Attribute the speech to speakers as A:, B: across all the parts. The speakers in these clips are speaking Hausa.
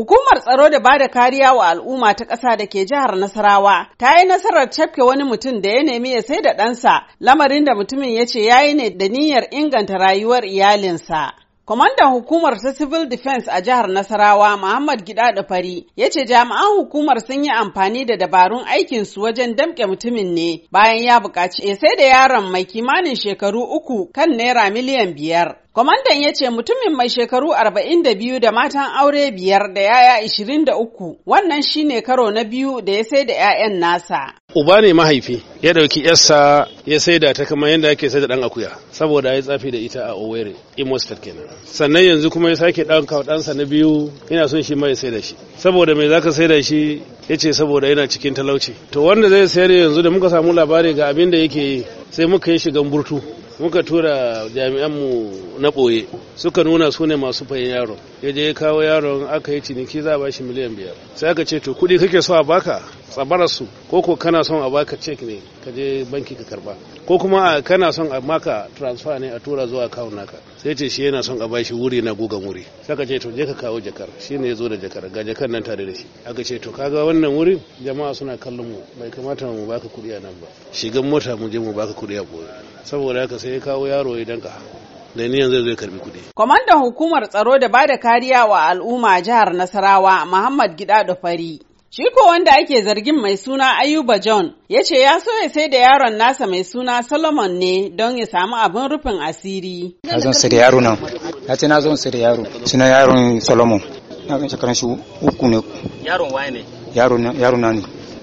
A: Hukumar tsaro da bada kariya wa al'umma ta ƙasa da ke jihar Nasarawa ta yi nasarar cafke wani mutum da ya nemi ya sai da ɗansa, lamarin da mutumin ya ce ya yi ne da niyyar inganta rayuwar iyalinsa. Kwamandan hukumar ta Civil Defense a jihar Nasarawa Muhammad Gida Fari ya ce jami'an hukumar sun yi amfani da dabarun aikinsu wajen damƙe mutumin ne bayan ya buƙaci ya sai da yaron mai kimanin shekaru uku kan naira miliyan biyar. Kwamandan ya ce mutumin mai shekaru arba'in da biyu da matan aure biyar da yaya uku wannan shi ne karo na biyu da ya sai da 'ya'yan nasa.
B: Uba ne mahaifi ya dauki yarsa ya sai da ta kamar yadda ake sai da dan akuya saboda ya tsafi da ita a Owerri Imo State kenan. Sannan yanzu kuma ya sake ɗanka ɗansa na biyu yana son shi ma ya sai da shi. Saboda me zaka sai da shi ya ce saboda yana cikin talauci. To wanda zai sayar yanzu da muka samu labari ga abin da yake yi sai muka yi shigan burtu muka tura jami'anmu na ɓoye suka nuna su ne masu fayin yaro. ya ya kawo yaron aka yi ciniki za a bashi miliyan biyar sai aka ce to kuɗi kake so a baka tsabararsu ko ko kana son a baka cek ne ka je banki ka karba ko kuma kana son a maka transfer ne a tura zuwa account naka sai ce shi yana son a bashi wuri na gugan wuri saka ce to je ka kawo jakar shi ne ya zo da jakar ga jakar nan tare da shi aka ce to kaga wannan wurin jama'a suna kallon mu bai kamata mu baka kuɗi a nan ba shigan mota mu je mu baka kuɗi a gobe saboda haka sai ya kawo yaro idan ka da yanzu zai karbi kuɗi.
A: Kwamandan hukumar tsaro da bada kariya wa al'umma jihar Nasarawa Muhammad Gida da Fari Shi ko wanda ake zargin mai suna Ayuba John ya ce ya so ya sai da yaron nasa mai suna Solomon ne don ya samu abin rufin asiri. Na zon sai da yaro nan, ya ce na zon sai da yaro, suna yaron Solomon, na kan shekaran shi uku ne. Yaron waye ne? Yaro na ne.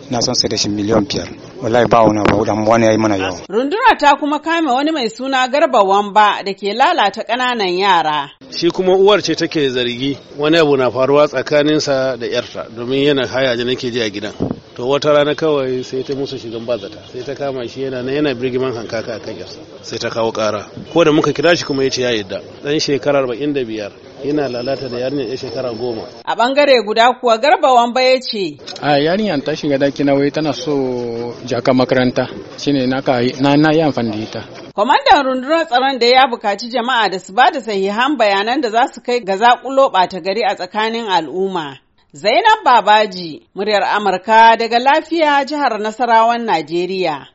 A: na son sai da shi miliyan biyar wallahi ba wani abu dan wani yayi mana yawa Rundunar ta kuma kame wani mai suna garba wamba da ke lalata ƙananan yara
B: shi kuma uwar ce take zargi wani abu na faruwa tsakaninsa da yarta domin yana haya nake ji a gidan to wata rana kawai sai ta musu shigan bazata sai ta kama shi yana na yana birgiman hankaka a kanyarsa sai ta kawo kara ko da muka kira shi kuma ya ce ya yadda dan shekara arba'in da biyar yana lalata da yarinyar ya shekara goma
A: a bangare guda kuwa garba wamba ya ce
B: a yarinyar ta shiga daki na wai tana so jaka makaranta shine na yi amfani da ita
A: Kwamandan rundunar tsaron da ya bukaci jama'a da su ba da sahihan bayanan da za su kai ga zakulo ɓata gari a tsakanin al'umma. Zainab Babaji, muryar Amurka daga lafiya jihar Nasarawan Najeriya.